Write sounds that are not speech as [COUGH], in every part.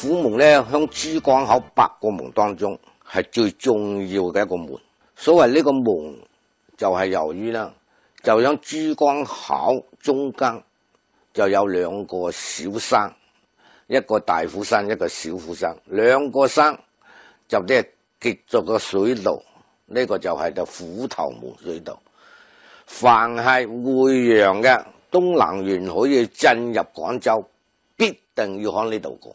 虎門咧，響珠江口八個門當中係最重要嘅一個門。所謂呢個門，就係、是、由於啦，就響珠江口中間就有兩個小山，一個大虎山，一個小虎山，兩個山就即係結著個水道。呢、這個就係就虎頭門水道。凡係會陽嘅東南沿海要進入廣州，必定要喺呢度過。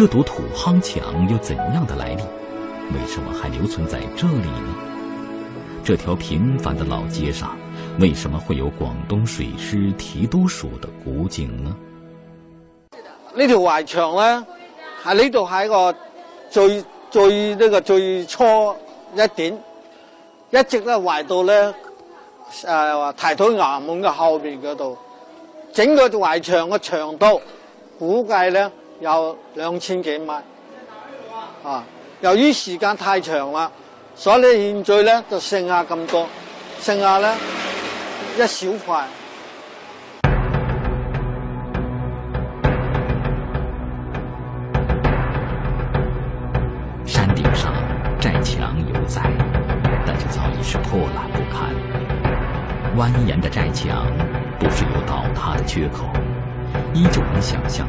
這堵土夯牆有怎樣的來歷？為什麼還留存在這裏呢？這條平凡的老街上，為什麼會有廣東水師提督署的古景呢？呢條圍牆呢，喺呢度係一個最最呢、呢個最初一點，一直咧圍到咧誒提督衙門嘅後邊嗰度，整個圍牆嘅長度估計咧。有兩千幾米啊！由於時間太長啦，所以現在咧就剩下咁多，剩下咧一小塊。山頂上寨牆有在，但就早已是破爛不堪。蜿蜒的寨牆不是有倒塌的缺口，依舊能想象，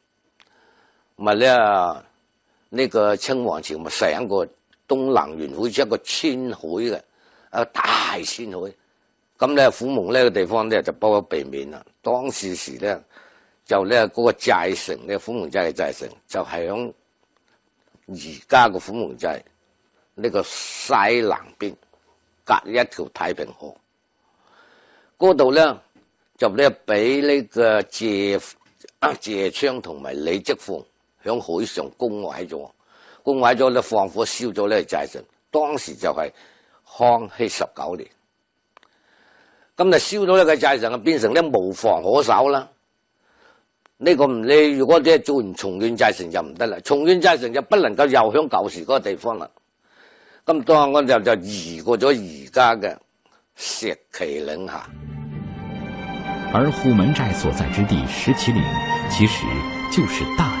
咪咧，呢個清王朝咪成個東南沿海好似一個千海嘅一個大千海，咁咧虎門呢個地方咧就不可避免啦。當時時咧就咧嗰個寨城咧，虎門寨嘅寨城，寨城，寨城就係喺而家個虎門寨呢個西南邊隔一條太平河嗰度咧就咧俾呢個謝 [COUGHS] 謝昌同埋李積鳳。喺海上攻毀咗，攻毀咗咧放火燒咗呢個寨城。當時就係康熙十九年，咁就燒咗呢個寨城啊，變成咧無防可守啦。呢、這個唔理，如果啲做完重建寨城就唔得啦，重建寨城就不能夠又響舊時個地方啦。咁當我就就移過咗而家嘅石旗嶺下，而虎門寨所在之地石旗嶺，其實就是大。